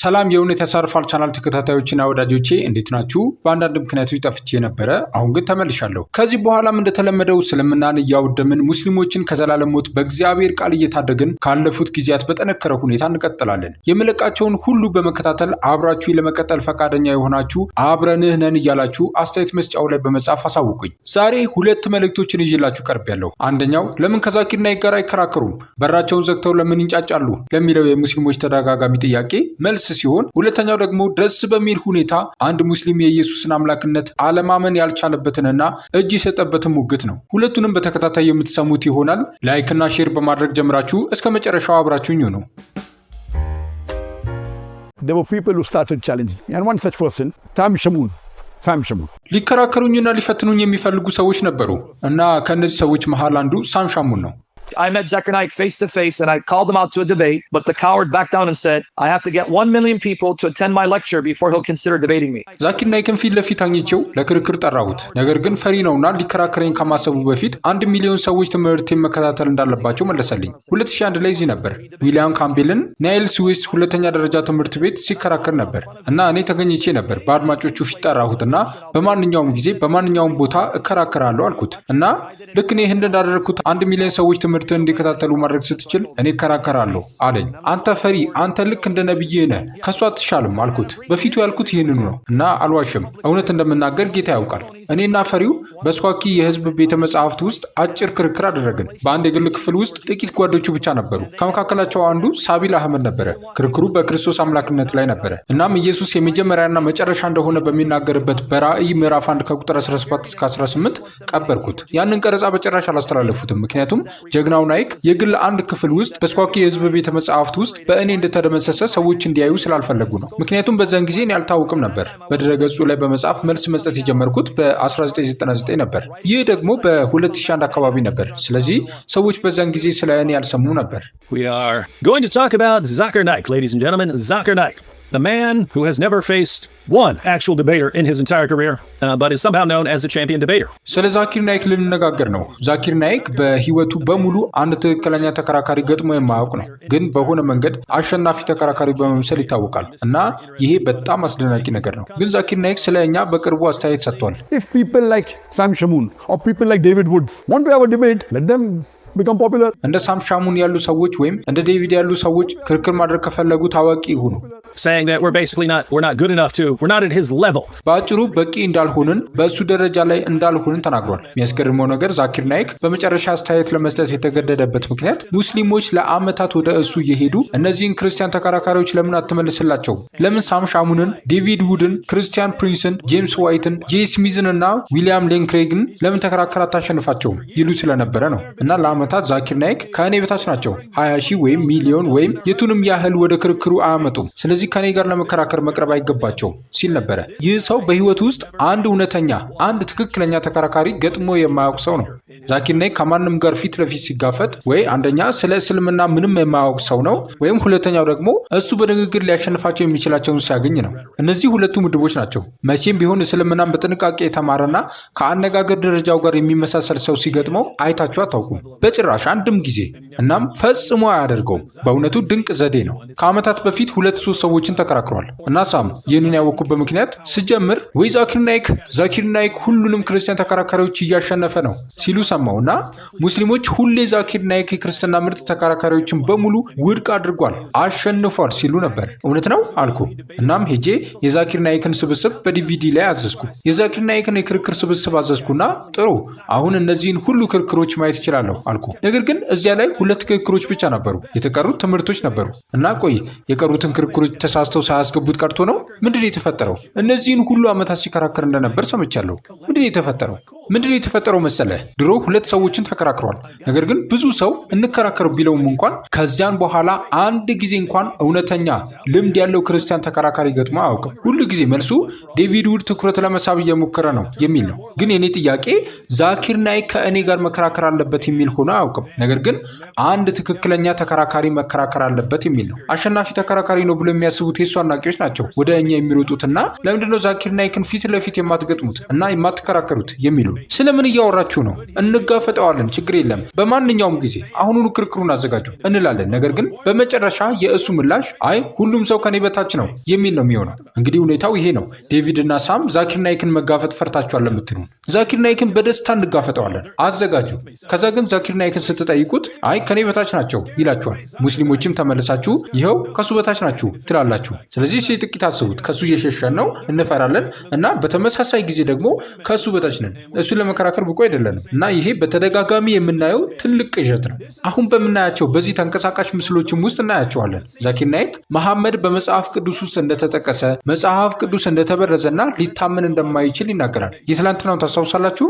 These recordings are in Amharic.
ሰላም የእውነት ያሳርፋል ቻናል ተከታታዮችና ወዳጆቼ እንዴት ናችሁ? በአንዳንድ ምክንያቶች ጠፍቼ የነበረ አሁን ግን ተመልሻለሁ። ከዚህ በኋላም እንደተለመደው እስልምናን እያወደምን ሙስሊሞችን ከዘላለም ሞት በእግዚአብሔር ቃል እየታደግን ካለፉት ጊዜያት በጠነከረ ሁኔታ እንቀጥላለን። የምለቃቸውን ሁሉ በመከታተል አብራችሁ ለመቀጠል ፈቃደኛ የሆናችሁ አብረንህ ነን እያላችሁ አስተያየት መስጫው ላይ በመጻፍ አሳውቁኝ። ዛሬ ሁለት መልእክቶችን ይዤላችሁ ቀርቤያለሁ። አንደኛው ለምን ከዛኪርና ጋር አይከራከሩም፣ በራቸውን ዘግተው ለምን ይንጫጫሉ ለሚለው የሙስሊሞች ተደጋጋሚ ጥያቄ መልስ ክስ ሲሆን ሁለተኛው ደግሞ ደስ በሚል ሁኔታ አንድ ሙስሊም የኢየሱስን አምላክነት አለማመን ያልቻለበትንና እጅ የሰጠበትን ሙግት ነው። ሁለቱንም በተከታታይ የምትሰሙት ይሆናል። ላይክና ሼር በማድረግ ጀምራችሁ እስከ መጨረሻው አብራችሁኝ ነው። ሊከራከሩኝና ሊፈትኑኝ የሚፈልጉ ሰዎች ነበሩ እና ከእነዚህ ሰዎች መሃል አንዱ ሳም ሻሙን ነው። I met Zucker Knight face to face and I called him out to a debate, but the coward backed down and said, I have to get 1 million people to attend my lecture before he'll consider debating me. ዛኪር ናይክን ፊት ለፊት አግኝቼው ለክርክር ጠራሁት። ነገር ግን ፈሪ ነውና ሊከራከረኝ ከማሰቡ በፊት አንድ ሚሊዮን ሰዎች ትምህርቴን መከታተል እንዳለባቸው መለሰልኝ። 2001 ላይ እዚህ ነበር ዊሊያም ካምቤልን ናይል ስዊስ ሁለተኛ ደረጃ ትምህርት ቤት ሲከራከር ነበር እና እኔ ተገኝቼ ነበር። በአድማጮቹ ፊት ጠራሁትና በማንኛውም ጊዜ በማንኛውም ቦታ እከራከራለሁ አልኩት እና ልክ እኔ ህንድ እንዳደረግኩት አንድ ሚሊዮን ሰዎች ትምህርት ትምህርት እንዲከታተሉ ማድረግ ስትችል እኔ እከራከራለሁ አለኝ። አንተ ፈሪ፣ አንተ ልክ እንደ ነብዬ ነህ፣ ከእሱ አትሻልም አልኩት። በፊቱ ያልኩት ይህንኑ ነው እና አልዋሽም። እውነት እንደምናገር ጌታ ያውቃል። እኔና ፈሪው በስኳኪ የህዝብ ቤተ መጽሐፍት ውስጥ አጭር ክርክር አደረግን። በአንድ የግል ክፍል ውስጥ ጥቂት ጓዶቹ ብቻ ነበሩ። ከመካከላቸው አንዱ ሳቢል አህመድ ነበረ። ክርክሩ በክርስቶስ አምላክነት ላይ ነበረ። እናም ኢየሱስ የመጀመሪያና መጨረሻ እንደሆነ በሚናገርበት በራእይ ምዕራፍ 1 ከቁጥር 17 እስከ 18 ቀበርኩት። ያንን ቀረጻ በጭራሽ አላስተላለፉትም፣ ምክንያቱም ጀግናው ናይክ የግል አንድ ክፍል ውስጥ በስኳኪ የህዝብ ቤተ መጽሐፍት ውስጥ በእኔ እንደተደመሰሰ ሰዎች እንዲያዩ ስላልፈለጉ ነው። ምክንያቱም በዛን ጊዜ እኔ አልታወቅም ነበር። በድረገጹ ላይ በመጽሐፍ መልስ መስጠት የጀመርኩት በ1999 ነበር። ይህ ደግሞ በ2001 አካባቢ ነበር። ስለዚህ ሰዎች በዛን ጊዜ ስለ እኔ ያልሰሙ ነበር። ዛከር ናይክ one actual debater in his entire career, uh, but is somehow known as the champion debater. ስለ ዛኪር ናይክ ልንነጋገር ነው። ዛኪር ናይክ በህይወቱ በሙሉ አንድ ትክክለኛ ተከራካሪ ገጥሞ የማያውቅ ነው፣ ግን በሆነ መንገድ አሸናፊ ተከራካሪ በመምሰል ይታወቃል እና ይሄ በጣም አስደናቂ ነገር ነው። ግን ዛኪር ናይክ ስለ እኛ በቅርቡ አስተያየት ሰጥቷል። If people like Sam Shamoon or people like David Woods want to have a debate, let them ቢካም ፖፑላር። እንደ ሳም ሻሙን ያሉ ሰዎች ወይም እንደ ዴቪድ ያሉ ሰዎች ክርክር ማድረግ ከፈለጉ ታዋቂ ይሁኑ። በአጭሩ በቂ እንዳልሆንን በእሱ ደረጃ ላይ እንዳልሆንን ተናግሯል። የሚያስገርመው ነገር ዛኪር ናይክ በመጨረሻ አስተያየት ለመስጠት የተገደደበት ምክንያት ሙስሊሞች ለዓመታት ወደ እሱ እየሄዱ እነዚህን ክርስቲያን ተከራካሪዎች ለምን አትመልስላቸው? ለምን ሳም ሻሙንን፣ ዴቪድ ውድን፣ ክርስቲያን ፕሪንስን፣ ጄምስ ዋይትን፣ ጄ ስሚዝን እና ዊሊያም ሌንክሬግን ለምን ተከራከር አታሸንፋቸውም ይሉ ስለነበረ ነው እና ዓመታት ዛኪር ናይክ ከእኔ በታች ናቸው። 20 ሺህ ወይም ሚሊዮን ወይም የቱንም ያህል ወደ ክርክሩ አያመጡም። ስለዚህ ከእኔ ጋር ለመከራከር መቅረብ አይገባቸውም ሲል ነበረ። ይህ ሰው በህይወት ውስጥ አንድ እውነተኛ አንድ ትክክለኛ ተከራካሪ ገጥሞ የማያውቅ ሰው ነው። ዛኪር ናይክ ከማንም ጋር ፊት ለፊት ሲጋፈጥ ወይ አንደኛ ስለ እስልምና ምንም የማያውቅ ሰው ነው፣ ወይም ሁለተኛው ደግሞ እሱ በንግግር ሊያሸንፋቸው የሚችላቸውን ሲያገኝ ነው። እነዚህ ሁለቱ ምድቦች ናቸው። መቼም ቢሆን እስልምናን በጥንቃቄ የተማረና ከአነጋገር ደረጃው ጋር የሚመሳሰል ሰው ሲገጥመው አይታችሁ አታውቁም። በጭራሽ አንድም ጊዜ እናም ፈጽሞ አያደርገውም። በእውነቱ ድንቅ ዘዴ ነው። ከዓመታት በፊት ሁለት ሶስት ሰዎችን ተከራክሯል እና ሳም ይህንን ያወቅኩበት ምክንያት ስጀምር ወይ ዛኪር ናይክ ዛኪር ናይክ ሁሉንም ክርስቲያን ተከራካሪዎች እያሸነፈ ነው ሲሉ ሰማው እና ሙስሊሞች ሁሌ ዛኪር ናይክ የክርስትና ምርጥ ተከራካሪዎችን በሙሉ ውድቅ አድርጓል፣ አሸንፏል ሲሉ ነበር። እውነት ነው አልኩ። እናም ሄጄ የዛኪር ናይክን ስብስብ በዲቪዲ ላይ አዘዝኩ። የዛኪር ናይክን የክርክር ስብስብ አዘዝኩና ጥሩ፣ አሁን እነዚህን ሁሉ ክርክሮች ማየት ይችላለሁ አልኩ። ነገር ግን እዚያ ላይ ሁለት ክርክሮች ብቻ ነበሩ። የተቀሩት ትምህርቶች ነበሩ እና ቆይ የቀሩትን ክርክሮች ተሳስተው ሳያስገቡት ቀርቶ ነው? ምንድን የተፈጠረው? እነዚህን ሁሉ ዓመታት ሲከራከር እንደነበር ሰምቻለሁ። ምንድን የተፈጠረው? ምንድን የተፈጠረው መሰለህ? ድሮ ሁለት ሰዎችን ተከራክሯል። ነገር ግን ብዙ ሰው እንከራከር ቢለውም እንኳን ከዚያን በኋላ አንድ ጊዜ እንኳን እውነተኛ ልምድ ያለው ክርስቲያን ተከራካሪ ገጥሞ አያውቅም። ሁሉ ጊዜ መልሱ ዴቪድ ውድ ትኩረት ለመሳብ እየሞከረ ነው የሚል ነው። ግን የኔ ጥያቄ ዛኪር ናይክ ከእኔ ጋር መከራከር አለበት የሚል ሆኖ አያውቅም። ነገር ግን አንድ ትክክለኛ ተከራካሪ መከራከር አለበት የሚል ነው። አሸናፊ ተከራካሪ ነው ብሎ የሚያስቡት የሱ አድናቂዎች ናቸው ወደ እኛ የሚሮጡትና ለምንድነው ዛኪር ናይክን ፊት ለፊት የማትገጥሙት እና የማትከራከሩት የሚሉ ስለምን እያወራችሁ ነው? እንጋፈጠዋለን፣ ችግር የለም በማንኛውም ጊዜ አሁኑኑ ክርክሩን አዘጋጁ እንላለን። ነገር ግን በመጨረሻ የእሱ ምላሽ አይ ሁሉም ሰው ከኔ በታች ነው የሚል ነው የሚሆነው። እንግዲህ ሁኔታው ይሄ ነው። ዴቪድ እና ሳም ዛኪር ናይክን መጋፈጥ ፈርታችኋል ለምትሉ ዛኪር ናይክን በደስታ እንጋፈጠዋለን፣ አዘጋጁ። ከዛ ግን ዛኪር ናይክን ስትጠይቁት አይ ከኔ በታች ናቸው ይላችኋል። ሙስሊሞችም ተመልሳችሁ ይኸው ከሱ በታች ናችሁ ትላላችሁ። ስለዚህ ሴ ጥቂት አስቡት። ከሱ እየሸሸን ነው፣ እንፈራለን እና በተመሳሳይ ጊዜ ደግሞ ከሱ በታች ነን፣ እሱን ለመከራከር ብቁ አይደለንም እና ይሄ በተደጋጋሚ የምናየው ትልቅ ቅዠት ነው። አሁን በምናያቸው በዚህ ተንቀሳቃሽ ምስሎችም ውስጥ እናያቸዋለን። ዛኪር ናይክ መሐመድ በመጽሐፍ ቅዱስ ውስጥ እንደተጠቀሰ መጽሐፍ ቅዱስ እንደተበረዘና ሊታመን እንደማይችል ይናገራል። የትላንትናውን ታስታውሳላችሁ?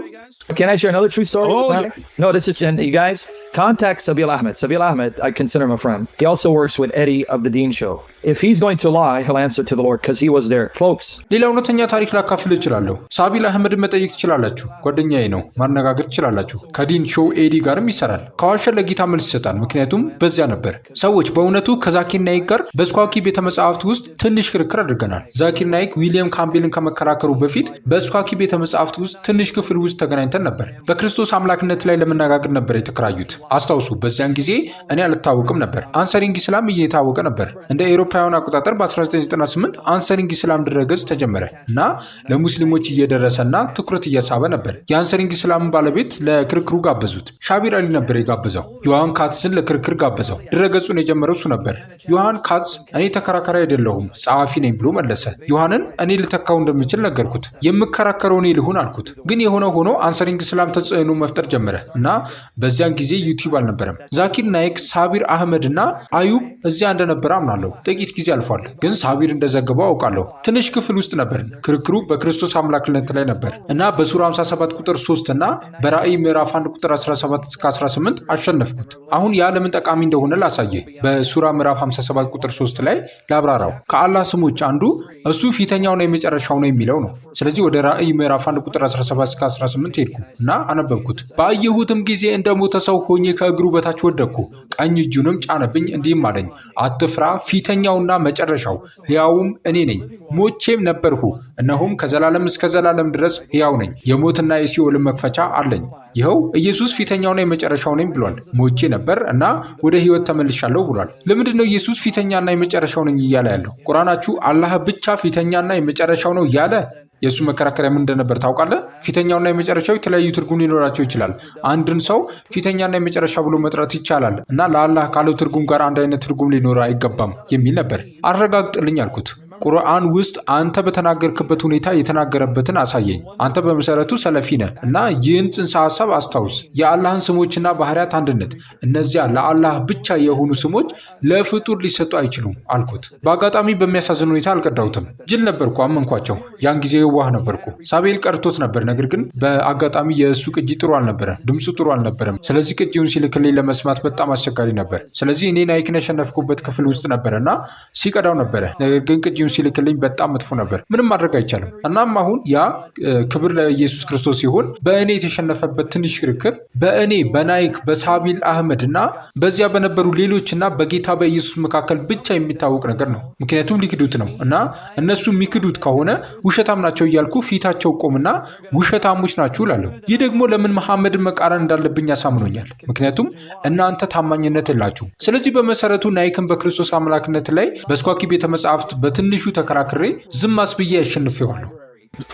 Contact Sabil Ahmed. Sabil Ahmed, I consider him a friend. He also works with Eddie of The Dean Show. If he's going to lie, he'll answer to the Lord because he was there. Folks. ሌላ እውነተኛ ታሪክ ላካፍል እችላለሁ። ሳቢል አህመድን መጠየቅ ትችላላችሁ። ጓደኛዬ ነው፣ ማነጋገር ትችላላችሁ። ከዲን ሾው ኤዲ ጋርም ይሰራል። ከዋሸ ለጌታ መልስ ይሰጣል፣ ምክንያቱም በዚያ ነበር። ሰዎች በእውነቱ ከዛኪር ናይክ ጋር በስኳኪ ቤተ መጽሐፍት ውስጥ ትንሽ ክርክር አድርገናል። ዛኪር ናይክ ዊሊያም ካምቤልን ከመከራከሩ በፊት በስኳኪ ቤተ መጽሐፍት ውስጥ ትንሽ ክፍል ውስጥ ተገናኝተን ነበር። በክርስቶስ አምላክነት ላይ ለመነጋገር ነበር የተከራዩት። አስታውሱ በዚያን ጊዜ እኔ አልታወቅም ነበር። አንሰሪንግ ኢስላም እየታወቀ ነበር። እንደ ኤሮፓውያን አቆጣጠር በ1998 አንሰሪንግ ኢስላም ድረገጽ ተጀመረ እና ለሙስሊሞች እየደረሰና ትኩረት እያሳበ ነበር። የአንሰሪንግ ኢስላም ባለቤት ለክርክሩ ጋበዙት። ሻቢር አሊ ነበር የጋበዘው። ዮሐን ካትስን ለክርክር ጋበዘው። ድረገጹን የጀመረው እሱ ነበር። ዮሐን ካትስ እኔ ተከራካሪ አይደለሁም ጸሐፊ ነኝ ብሎ መለሰ። ዮሐንን እኔ ልተካው እንደምችል ነገርኩት። የምከራከረው እኔ ልሁን አልኩት። ግን የሆነ ሆኖ አንሰሪንግ ኢስላም ተጽዕኖ መፍጠር ጀመረ እና በዚያን ጊዜ ዩቲዩብ አልነበረም። ዛኪር ናይክ፣ ሳቢር አህመድ እና አዩብ እዚያ እንደነበረ አምናለሁ። ጥቂት ጊዜ አልፏል፣ ግን ሳቢር እንደዘገበው አውቃለሁ። ትንሽ ክፍል ውስጥ ነበርን። ክርክሩ በክርስቶስ አምላክነት ላይ ነበር እና በሱራ 57 ቁጥር 3 እና በራእይ ምዕራፍ 1 ቁጥር 17 እስከ 18 አሸነፍኩት። አሁን የዓለምን ጠቃሚ እንደሆነ ላሳየ። በሱራ ምዕራፍ 57 ቁጥር 3 ላይ ላብራራው። ከአላህ ስሞች አንዱ እሱ ፊተኛው ፊተኛውና የመጨረሻው ነው የሚለው ነው። ስለዚህ ወደ ራእይ ምዕራፍ 1 ቁጥር 17 እስከ 18 ሄድኩ እና አነበብኩት። በአየሁትም ጊዜ እንደ ሞተ ሰው ሆኜ ከእግሩ በታች ወደቅኩ። ቀኝ እጁንም ጫነብኝ፣ እንዲህም አለኝ፣ አትፍራ፣ ፊተኛውና መጨረሻው ሕያውም እኔ ነኝ። ሞቼም ነበርሁ፣ እነሆም ከዘላለም እስከ ዘላለም ድረስ ሕያው ነኝ። የሞትና የሲኦልን መክፈቻ አለኝ። ይኸው ኢየሱስ ፊተኛውና የመጨረሻው ነኝ ብሏል። ሞቼ ነበር እና ወደ ህይወት ተመልሻለሁ ብሏል። ለምንድን ነው ኢየሱስ ፊተኛና የመጨረሻው ነኝ እያለ ያለው? ቁርአናችሁ አላህ ብቻ ፊተኛና የመጨረሻው ነው እያለ? የእሱ መከራከሪያ ምን እንደነበር ታውቃለህ? ፊተኛውና የመጨረሻው የተለያዩ ትርጉም ሊኖራቸው ይችላል። አንድን ሰው ፊተኛና የመጨረሻ ብሎ መጥራት ይቻላል እና ለአላህ ካለው ትርጉም ጋር አንድ አይነት ትርጉም ሊኖረው አይገባም የሚል ነበር። አረጋግጥልኝ አልኩት። ቁርአን ውስጥ አንተ በተናገርክበት ሁኔታ የተናገረበትን አሳየኝ። አንተ በመሰረቱ ሰለፊ ነህ እና ይህን ጽንሰ ሀሳብ አስታውስ። የአላህን ስሞችና ባህሪያት አንድነት፣ እነዚያ ለአላህ ብቻ የሆኑ ስሞች ለፍጡር ሊሰጡ አይችሉም አልኩት። በአጋጣሚ በሚያሳዝን ሁኔታ አልቀዳሁትም። ጅል ነበርኩ፣ አመንኳቸው። ያን ጊዜ የዋህ ነበርኩ። ሳቤል ቀርቶት ነበር፣ ነገር ግን በአጋጣሚ የእሱ ቅጂ ጥሩ አልነበረ፣ ድምፁ ጥሩ አልነበረም። ስለዚህ ቅጂውን ሲልክልኝ ለመስማት በጣም አስቸጋሪ ነበር። ስለዚህ እኔ ናይክን ያሸነፍኩበት ክፍል ውስጥ ነበረ እና ሲቀዳው ነበረ፣ ነገር ግን ቅጂ ቪዲዮ ሲልክልኝ በጣም መጥፎ ነበር። ምንም ማድረግ አይቻልም። እናም አሁን ያ ክብር ለኢየሱስ ክርስቶስ ሲሆን በእኔ የተሸነፈበት ትንሽ ክርክር በእኔ በናይክ በሳቢል አህመድ እና በዚያ በነበሩ ሌሎች እና በጌታ በኢየሱስ መካከል ብቻ የሚታወቅ ነገር ነው። ምክንያቱም ሊክዱት ነው እና እነሱ የሚክዱት ከሆነ ውሸታም ናቸው እያልኩ ፊታቸው ቆምና ውሸታሞች ናችሁ እላለሁ። ይህ ደግሞ ለምን መሐመድን መቃረን እንዳለብኝ ያሳምኖኛል። ምክንያቱም እናንተ ታማኝነት የላችሁ። ስለዚህ በመሰረቱ ናይክን በክርስቶስ አምላክነት ላይ በስኳኪ ቤተ መጽሐፍት በትንሽ ተከራክሬ ዝም አስብዬ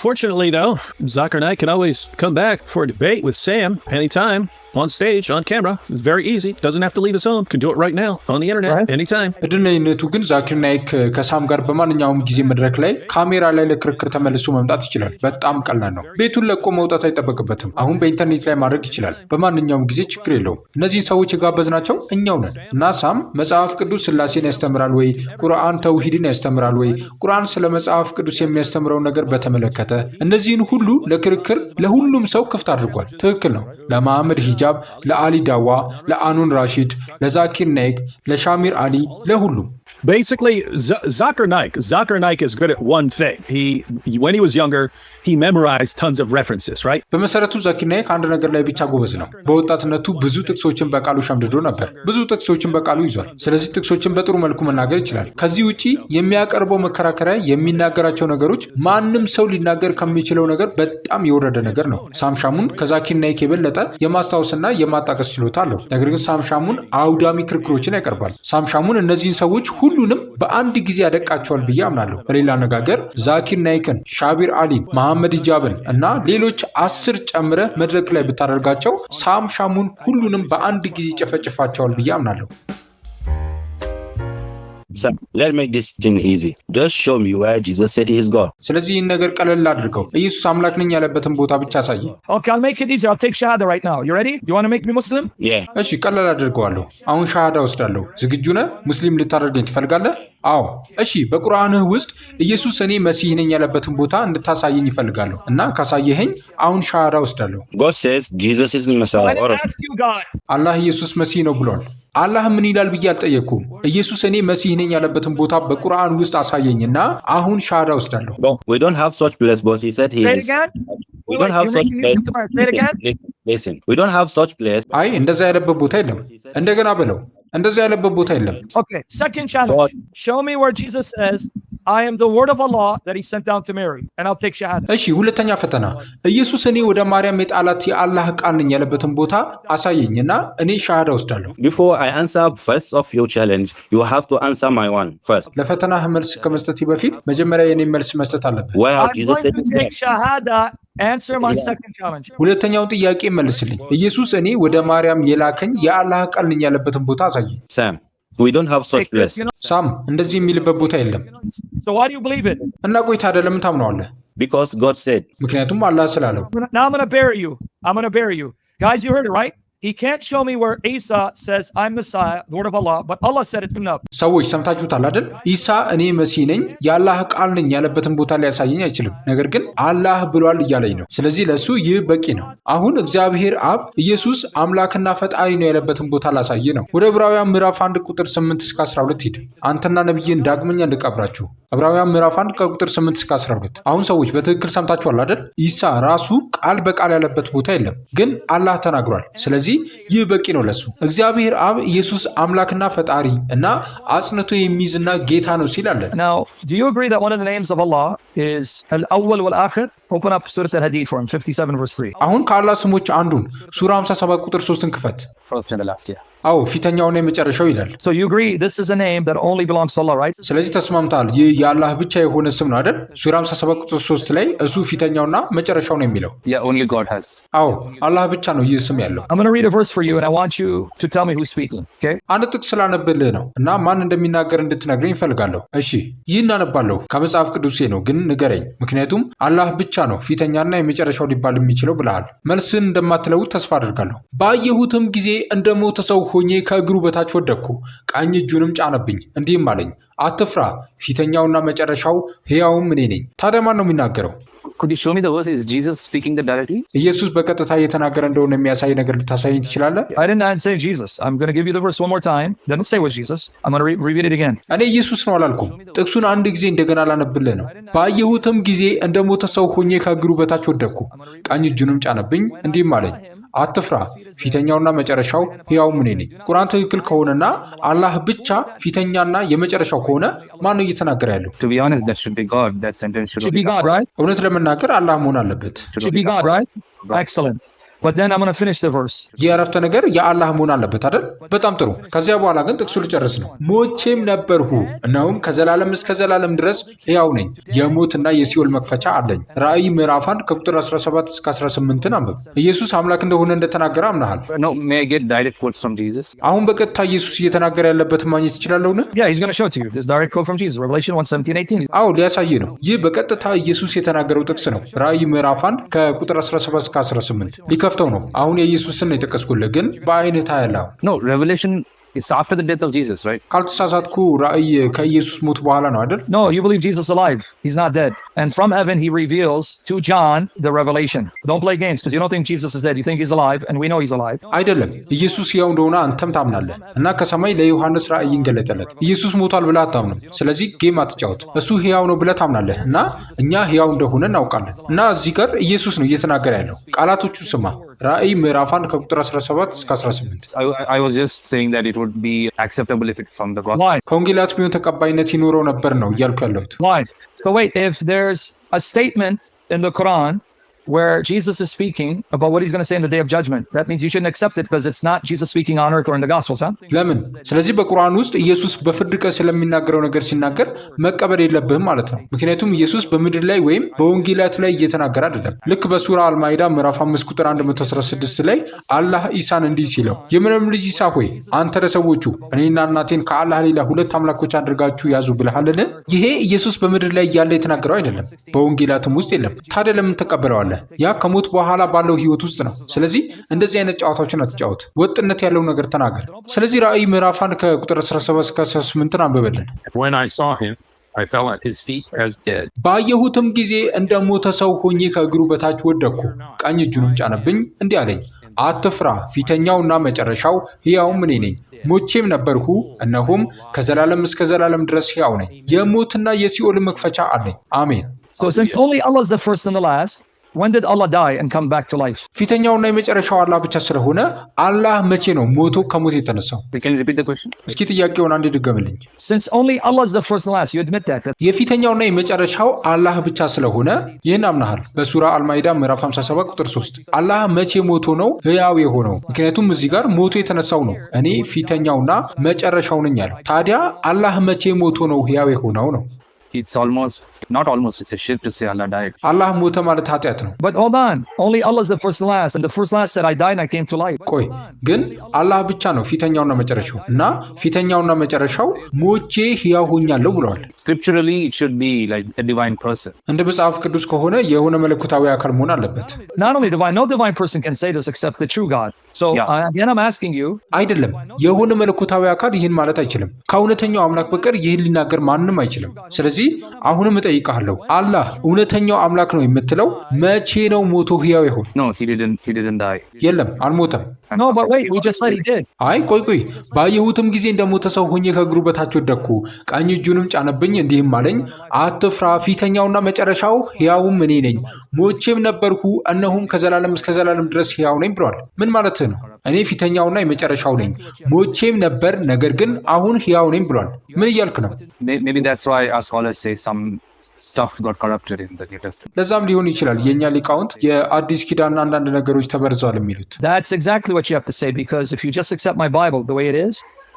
Fortunately, though, Zucker and I can always come back for a debate with Sam anytime. on stage, on camera. very easy. Doesn't have to leave his home. Can do it right now on the internet anytime. እድለኝነቱ ግን ዛኪር ናይክ ከሳም ጋር በማንኛውም ጊዜ መድረክ ላይ ካሜራ ላይ ለክርክር ተመልሶ መምጣት ይችላል። በጣም ቀላል ነው። ቤቱን ለቆ መውጣት አይጠበቅበትም። አሁን በኢንተርኔት ላይ ማድረግ ይችላል። በማንኛውም ጊዜ ችግር የለውም። እነዚህን ሰዎች የጋበዝናቸው እኛው ነን እና ሳም መጽሐፍ ቅዱስ ስላሴን ያስተምራል ወይ? ቁርአን ተውሂድን ያስተምራል ወይ? ቁርአን ስለ መጽሐፍ ቅዱስ የሚያስተምረውን ነገር በተመለከተ እነዚህን ሁሉ ለክርክር ለሁሉም ሰው ክፍት አድርጓል። ትክክል ነው። ለማህመድ ሂጃ ሂጃብ ለአሊ ዳዋ፣ ለአኑን ራሺድ፣ ለዛኪር ናይክ፣ ለሻሚር አሊ፣ ለሁሉም Basically, Zakir Naik, Zakir Naik is good at one thing. He, when he was younger, በመሰረቱ ዛኪር ናይክ አንድ ነገር ላይ ብቻ ጎበዝ ነው። በወጣትነቱ ብዙ ጥቅሶችን በቃሉ ሸምድዶ ነበር። ብዙ ጥቅሶችን በቃሉ ይዟል። ስለዚህ ጥቅሶችን በጥሩ መልኩ መናገር ይችላል። ከዚህ ውጪ የሚያቀርበው መከራከሪያ፣ የሚናገራቸው ነገሮች ማንም ሰው ሊናገር ከሚችለው ነገር በጣም የወረደ ነገር ነው። ሳምሻሙን ከዛኪ ናይክ የበለጠ የማስታወስና የማጣቀስ ችሎታ አለው። ነገር ግን ሳምሻሙን አውዳሚ ክርክሮችን ያቀርባል። ሳምሻሙን እነዚህን ሰዎች ሁሉንም በአንድ ጊዜ ያደቃቸዋል ብዬ አምናለሁ። በሌላ አነጋገር ዛኪር ናይክን፣ ሻቢር አሊን፣ መሐመድ ኢጃብን እና ሌሎች አስር ጨምረ መድረክ ላይ ብታደርጋቸው ሳም ሻሙን ሁሉንም በአንድ ጊዜ ጨፈጭፋቸዋል ብዬ አምናለሁ። ስለዚህ ይህን ነገር ቀለል አድርገው ኢየሱስ አምላክ ነኝ ያለበትን ቦታ ብቻ አሳየ። እሺ፣ ቀለል አድርገዋለሁ። አሁን ሻሃዳ ወስዳለሁ። ዝግጁ ነህ? ሙስሊም ልታደርገኝ ትፈልጋለህ? አዎ እሺ፣ በቁርአንህ ውስጥ ኢየሱስ እኔ መሲህ ነኝ ያለበትን ቦታ እንድታሳየኝ ይፈልጋለሁ እና ካሳየኸኝ አሁን ሻሃዳ ወስዳለሁ። አላህ ኢየሱስ መሲህ ነው ብሏል። አላህ ምን ይላል ብዬ አልጠየቅኩም። ኢየሱስ እኔ መሲህ ነኝ ያለበትን ቦታ በቁርአን ውስጥ አሳየኝ እና አሁን ሻሃዳ ወስዳለሁ። አይ እንደዛ ያለበት ቦታ የለም። እንደገና ብለው እንደዛ ያለበት ቦታ የለም። እሺ፣ ሁለተኛ ፈተና ኢየሱስ እኔ ወደ ማርያም የጣላት የአላህ ቃል ነኝ ያለበትን ቦታ አሳየኝ እና እኔ ሻሃዳ ወስዳለሁ። ለፈተናህ መልስ ከመስጠት በፊት መጀመሪያ የኔ መልስ መስጠት አለበት። ሁለተኛውን ጥያቄ መልስልኝ። ኢየሱስ እኔ ወደ ማርያም የላከኝ የአላህ ቃል ነኝ ያለበትን ቦታ አሳየኝ። ሳም እንደዚህ የሚልበት ቦታ የለም። እና ቆይ ታዲያ ለምን ታምነዋለህ? ምክንያቱም አላህ ስላለው። He can't show me where Isa says I'm Messiah, the word of Allah, but Allah said it enough. ሰዎች ሰምታችሁታል አይደል? ኢሳ እኔ መሲህ ነኝ የአላህ ቃል ነኝ ያለበትን ቦታ ሊያሳየኝ አይችልም። ነገር ግን አላህ ብሏል እያለኝ ነው። ስለዚህ ለሱ ይህ በቂ ነው። አሁን እግዚአብሔር አብ ኢየሱስ አምላክና ፈጣሪ ነው ያለበትን ቦታ ላሳየ ነው። ወደ ዕብራውያን ምዕራፍ 1 ቁጥር 8 እስከ 12 ሂድ። አንተና ነብይን ዳግመኛ ልቀብራችሁ። ዕብራውያን ምዕራፍ 1 ከቁጥር 8 እስከ 12። አሁን ሰዎች በትክክል ሰምታችኋል አይደል? ኢሳ ራሱ ቃል በቃል ያለበት ቦታ የለም፣ ግን አላህ ተናግሯል። ስለዚህ ስለዚህ ይህ በቂ ነው ለሱ። እግዚአብሔር አብ ኢየሱስ አምላክና ፈጣሪ እና አጽንቶ የሚይዝና ጌታ ነው ሲል አለን። አሁን ከአላህ ስሞች አንዱን ሱራ 57 ቁጥር ሶስትን ክፈት። አዎ ፊተኛውና የመጨረሻው ይላል። ስለዚህ ተስማምታል ይህ የአላህ ብቻ የሆነ ስም ነው አይደል? ሱራ 57 ቁጥር 3 ላይ እሱ ፊተኛውና መጨረሻው ነው የሚለው። አዎ አላህ ብቻ ነው ይህ ስም ያለው። አንድ ጥቅስ ስላነብልህ ነው እና ማን እንደሚናገር እንድትነግረኝ ይፈልጋለሁ እሺ፣ ይህን አነባለሁ ከመጽሐፍ ቅዱሴ ነው፣ ግን ንገረኝ፣ ምክንያቱም አላህ ብቻ ነው ፊተኛና የመጨረሻው ሊባል የሚችለው ብለሃል። መልስን እንደማትለውጥ ተስፋ አድርጋለሁ። ባየሁትም ጊዜ እንደ ሞተ ሰው ሆኜ ከእግሩ በታች ወደቅኩ። ቀኝ እጁንም ጫነብኝ፣ እንዲህም አለኝ፣ አትፍራ፣ ፊተኛውና መጨረሻው ሕያውም እኔ ነኝ። ታዲያ ማን ነው የሚናገረው? ኢየሱስ በቀጥታ እየተናገረ እንደሆነ የሚያሳይ ነገር ልታሳይ ትችላለህ? እኔ ኢየሱስ ነው አላልኩም። ጥቅሱን አንድ ጊዜ እንደገና ላነብልህ ነው። ባየሁትም ጊዜ እንደ ሞተ ሰው ሆኜ ከእግሩ በታች ወደቅኩ፣ ቀኝ እጁንም ጫነብኝ፣ እንዲህም አለኝ አትፍራ፣ ፊተኛውና መጨረሻው ሕያውም እኔ ነኝ። ቁርአን ትክክል ከሆነና አላህ ብቻ ፊተኛና የመጨረሻው ከሆነ ማን ነው እየተናገረ ያለው? እውነት ለመናገር አላህ መሆን አለበት። የአረፍተ ነገር የአላህ መሆን አለበት አይደል? በጣም ጥሩ። ከዚያ በኋላ ግን ጥቅሱ ልጨርስ ነው። ሞቼም ነበርሁ፣ እነሆም ከዘላለም እስከ ዘላለም ድረስ ሕያው ነኝ፣ የሞትና የሲኦል መክፈቻ አለኝ። ራእይ ምዕራፍ 1 ከቁጥር 17 እስከ 18 አንብብ። ኢየሱስ አምላክ እንደሆነ እንደተናገረ አምናሃል? አሁን በቀጥታ ኢየሱስ እየተናገረ ያለበት ማግኘት ይችላለውን? አዎ ሊያሳይ ነው። ይህ በቀጥታ ኢየሱስ የተናገረው ጥቅስ ነው። ራእይ ምዕራፍ 1 ከቁጥር 17 እስከ 18 ከፍተው ነው። አሁን የኢየሱስን ነው የጠቀስኩልህ፣ ግን በአይነት ታያለህ ነው ሬቨሌሽን It's after the death of Jesus, right? ካልተሳሳትኩ ራእይ ከኢየሱስ ሞት በኋላ ነው አይደል? No, you believe Jesus alive. He's not dead. And from heaven he reveals to John the revelation. Don't play games because you don't think Jesus is dead. You think he's alive and we know he's alive. አይደለም ኢየሱስ ሕያው እንደሆነ አንተም ታምናለህ እና ከሰማይ ለዮሐንስ ራእይን ገለጠለት። ኢየሱስ ሞቷል ብለህ አታምንም። ስለዚህ ጌም አትጫወት። እሱ ሕያው ነው ብለህ ታምናለህ እና እኛ ሕያው እንደሆነ እናውቃለን። እና እዚህ ጋር ኢየሱስ ነው እየተናገረ ያለው። ቃላቶቹ ስማ ራእይ ምዕራፍ 1 ከቁጥር 17 እስከ 18 ከወንጌላት ቢሆን ተቀባይነት ይኖረው ነበር ነው እያልኩ ያለሁት where Jesus is speaking about what he's going to say in the day of judgment. That means you shouldn't accept it because it's not Jesus speaking on earth or in the gospels, huh? ለምን? ስለዚህ በቁርአን ውስጥ ኢየሱስ በፍርድ ቀን ስለሚናገረው ነገር ሲናገር መቀበል የለብህም ማለት ነው። ምክንያቱም ኢየሱስ በምድር ላይ ወይም በወንጌላት ላይ እየተናገረ አይደለም። ልክ በሱራ አልማይዳ ምዕራፍ 5 ቁጥር 116 ላይ አላህ ኢሳን እንዲህ ሲለው የምንም ልጅ ኢሳ ሆይ አንተ ለሰዎቹ እኔና እናቴን ከአላህ ሌላ ሁለት አምላኮች አድርጋችሁ ያዙ ብልሃልን? ይሄ ኢየሱስ በምድር ላይ እያለ የተናገረው አይደለም፣ በወንጌላትም ውስጥ የለም። ታዲያ ለምን ተቀበለዋለን? አለ። ያ ከሞት በኋላ ባለው ህይወት ውስጥ ነው። ስለዚህ እንደዚህ አይነት ጨዋታዎችን አትጫወት። ወጥነት ያለው ነገር ተናገር። ስለዚህ ራእይ ምዕራፍ አንድ ከቁጥር 17 እስከ 18 አንብበልን። ባየሁትም ጊዜ እንደ ሞተ ሰው ሆኜ ከእግሩ በታች ወደቅኩ። ቀኝ እጁንም ጫነብኝ፣ እንዲህ አለኝ፣ አትፍራ፣ ፊተኛውና መጨረሻው ሕያውም እኔ ነኝ። ሞቼም ነበርሁ፣ እነሆም ከዘላለም እስከ ዘላለም ድረስ ሕያው ነኝ። የሞትና የሲኦል መክፈቻ አለኝ። አሜን። ፊተኛውና የመጨረሻው አላህ ብቻ ስለሆነ አላህ መቼ ነው ሞቶ ከሞት የተነሳው? እስኪ ጥያቄውን አንድ ድገምልኝ። የፊተኛውና የመጨረሻው አላህ ብቻ ስለሆነ ይህን አምናሃል። በሱራ አልማይዳ ምዕራፍ 57 ቁጥር 3 አላህ መቼ ሞቶ ነው ህያው የሆነው? ምክንያቱም እዚህ ጋር ሞቶ የተነሳው ነው እኔ ፊተኛውና መጨረሻው ነኝ ያለው። ታዲያ አላህ መቼ ሞቶ ነው ህያው የሆነው ነው አላህ ሞተ ማለት ኃጢአት ነው። በት ቆይ ግን አላህ ብቻ ነው ፊተኛውና መጨረሻው እና ፊተኛውና መጨረሻው ሞቼ ሕያው ሆኛለሁ መጽሐፍ ቅዱስ ከሆነ የሆነ መለኮታዊ አካል መሆን አለበት። ናት ኦንሊ ዲቫይን Uh, አይደለም። የሆነ መለኮታዊ አካል ይህን ማለት አይችልም። ከእውነተኛው አምላክ በቀር ይህን ሊናገር ማንም አይችልም። ስለዚህ አሁንም እጠይቃለሁ፣ አላህ እውነተኛው አምላክ ነው የምትለው መቼ ነው? ሞቶ ህያው ይሆን? የለም አልሞተም። አይ ቆይ ቆይ፣ ባየሁትም ጊዜ እንደሞተ ሰው ሆኜ ከእግሩ በታች ወደኩ ቀኝ እጁንም ጫነብኝ፣ እንዲህም አለኝ፣ አትፍራ፣ ፊተኛውና መጨረሻው ህያውም እኔ ነኝ። ሞቼም ነበርኩ፣ እነሆም ከዘላለም እስከ ዘላለም ድረስ ህያው ነኝ ብሏል። ምን ማለት ራስህ ነው። እኔ ፊተኛውና የመጨረሻው ነኝ፣ ሞቼም ነበር፣ ነገር ግን አሁን ሕያው ነኝ ብሏል። ምን እያልክ ነው? ለዛም ሊሆን ይችላል የእኛ ሊቃውንት የአዲስ ኪዳን አንዳንድ ነገሮች ተበርዘዋል የሚሉት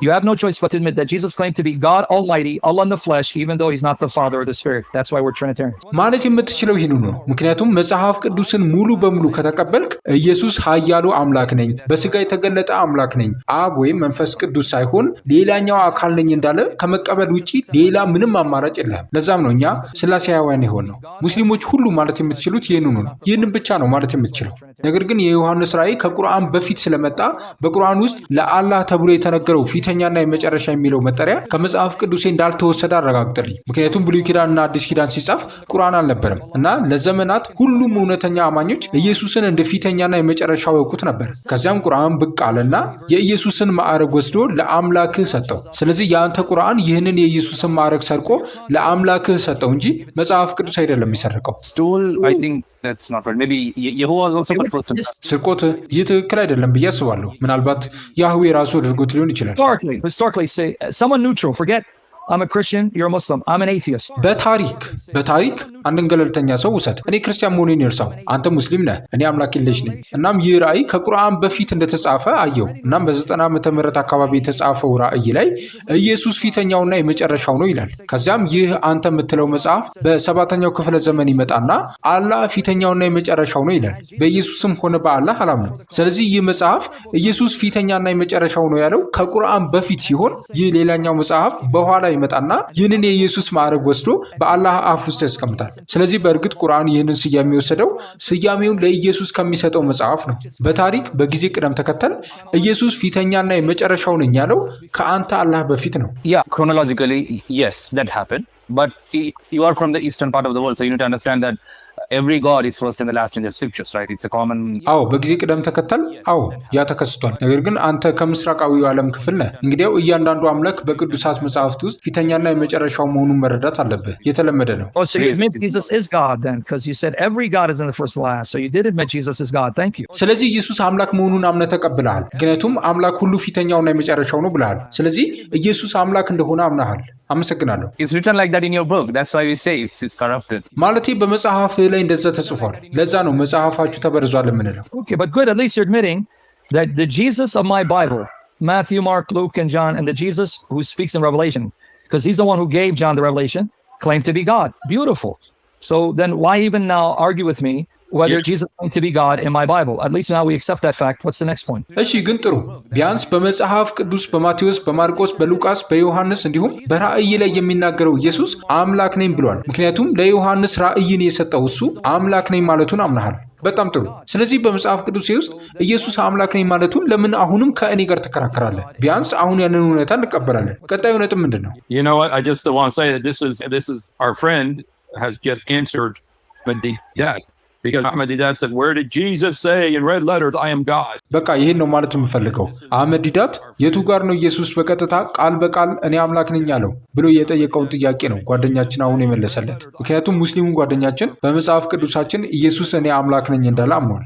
You have no choice but to admit that Jesus claimed to be God Almighty, Allah in the flesh, even though he's not the Father or the Spirit. That's why we're Trinitarian. ማለት የምትችለው ይህንኑ ነው። ምክንያቱም መጽሐፍ ቅዱስን ሙሉ በሙሉ ከተቀበልክ ኢየሱስ ኃያሉ አምላክ ነኝ፣ በስጋ የተገለጠ አምላክ ነኝ፣ አብ ወይም መንፈስ ቅዱስ ሳይሆን ሌላኛው አካል ነኝ እንዳለ ከመቀበል ውጪ ሌላ ምንም አማራጭ የለህም። ለዛም ነው እኛ ስላሴያውያን የሆን ነው። ሙስሊሞች ሁሉ ማለት የምትችሉት ይህንኑ ነው። ይህንን ብቻ ነው ማለት የምትችለው። ነገር ግን የዮሐንስ ራእይ ከቁርአን በፊት ስለመጣ በቁርአን ውስጥ ለአላህ ተብሎ የተነገረው ፊት ፊተኛና የመጨረሻ የሚለው መጠሪያ ከመጽሐፍ ቅዱሴ እንዳልተወሰደ አረጋግጥልኝ። ምክንያቱም ብሉይ ኪዳንና አዲስ ኪዳን ሲጻፍ ቁርአን አልነበረም እና ለዘመናት ሁሉም እውነተኛ አማኞች ኢየሱስን እንደ ፊተኛና የመጨረሻ ያውቁት ነበር። ከዚያም ቁርአን ብቅ አለና የኢየሱስን ማዕረግ ወስዶ ለአምላክህ ሰጠው። ስለዚህ የአንተ ቁርአን ይህንን የኢየሱስን ማዕረግ ሰርቆ ለአምላክህ ሰጠው እንጂ መጽሐፍ ቅዱስ አይደለም የሰረቀው። ስርቆት ይህ ትክክል አይደለም ብዬ አስባለሁ። ምናልባት ያህዌ ራሱ አድርጎት ሊሆን ይችላል። historically, historically, say uh, someone neutral. Forget በታሪክ በታሪክ አንድን ገለልተኛ ሰው ውሰድ። እኔ ክርስቲያን መሆኔን ይርሳው። አንተ ሙስሊም ነህ፣ እኔ አምላክ የለሽ ነኝ። እናም ይህ ራእይ ከቁርአን በፊት እንደተጻፈ አየው። እናም በዘጠና ዓመተ ምህረት አካባቢ የተጻፈው ራእይ ላይ ኢየሱስ ፊተኛውና የመጨረሻው ነው ይላል። ከዚያም ይህ አንተ የምትለው መጽሐፍ በሰባተኛው ክፍለ ዘመን ይመጣና አላህ ፊተኛውና የመጨረሻው ነው ይላል። በኢየሱስም ሆነ በአላህ አላምንም። ስለዚህ ይህ መጽሐፍ ኢየሱስ ፊተኛና የመጨረሻው ነው ያለው ከቁርአን በፊት ሲሆን ይህ ሌላኛው መጽሐፍ በኋላ ይመጣና ይህንን የኢየሱስ ማዕረግ ወስዶ በአላህ አፍ ውስጥ ያስቀምጣል። ስለዚህ በእርግጥ ቁርአን ይህንን ስያሜ የወሰደው ስያሜውን ለኢየሱስ ከሚሰጠው መጽሐፍ ነው። በታሪክ በጊዜ ቅደም ተከተል ኢየሱስ ፊተኛና የመጨረሻው ነኝ ያለው ከአንተ አላህ በፊት ነው። አዎ በጊዜ ቅደም ተከተል አዎ ያ ተከስቷል። ነገር ግን አንተ ከምስራቃዊው ዓለም ክፍል ነህ። እንግዲያው እያንዳንዱ አምላክ በቅዱሳት መጽሐፍት ውስጥ ፊተኛና የመጨረሻው መሆኑን መረዳት አለብህ። የተለመደ ነው። oh, ስለዚህ ኢየሱስ አምላክ መሆኑን አምነህ ተቀብለሃል። ምክንያቱም አምላክ ሁሉ ፊተኛውና የመጨረሻው ነው ብለሃል። ስለዚህ ኢየሱስ አምላክ እንደሆነ አምናሃል። አመሰግናለሁ። ማለቴ በመጽሐፍህ ላይ እንደዛ ተጽፏል። ለዛ ነው መጽሐፋችሁ ተበርዟል የምንለው። that the Jesus of my Bible, Matthew, Mark, Luke, and John, and the Jesus who speaks in Revelation, because he's the one who gave John the revelation, claimed to be God. Beautiful. So then why even now argue with me whether Jesus claimed to be God in my Bible? At least now we accept that fact. What's the next point? እሺ ግን ጥሩ ቢያንስ በመጽሐፍ ቅዱስ በማቴዎስ፣ በማርቆስ፣ በሉቃስ፣ በዮሐንስ እንዲሁም በራእይ ላይ የሚናገረው ኢየሱስ አምላክ ነኝ ብሏል። ምክንያቱም ለዮሐንስ ራእይን የሰጠው እሱ አምላክ ነኝ ማለቱን አምናሃል። በጣም ጥሩ። ስለዚህ በመጽሐፍ ቅዱሴ ውስጥ ኢየሱስ አምላክ ነኝ ማለቱን ለምን አሁንም ከእኔ ጋር ትከራከራለህ? ቢያንስ አሁን ያንን እውነታ እንቀበላለን። ቀጣዩ ነጥብ ምንድን ነው? Ah. በቃ ይህን ነው ማለት የምፈልገው። አህመድ የቱ ጋር ነው ኢየሱስ በቀጥታ ቃል በቃል እኔ አምላክ ነኝ አለው ብሎ የጠየቀውን ጥያቄ ነው ጓደኛችን አሁን የመለሰለት። ምክንያቱም ሙስሊሙ ጓደኛችን በመጽሐፍ ቅዱሳችን ኢየሱስ እኔ አምላክ ነኝ እንዳለ አምኗል።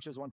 chose one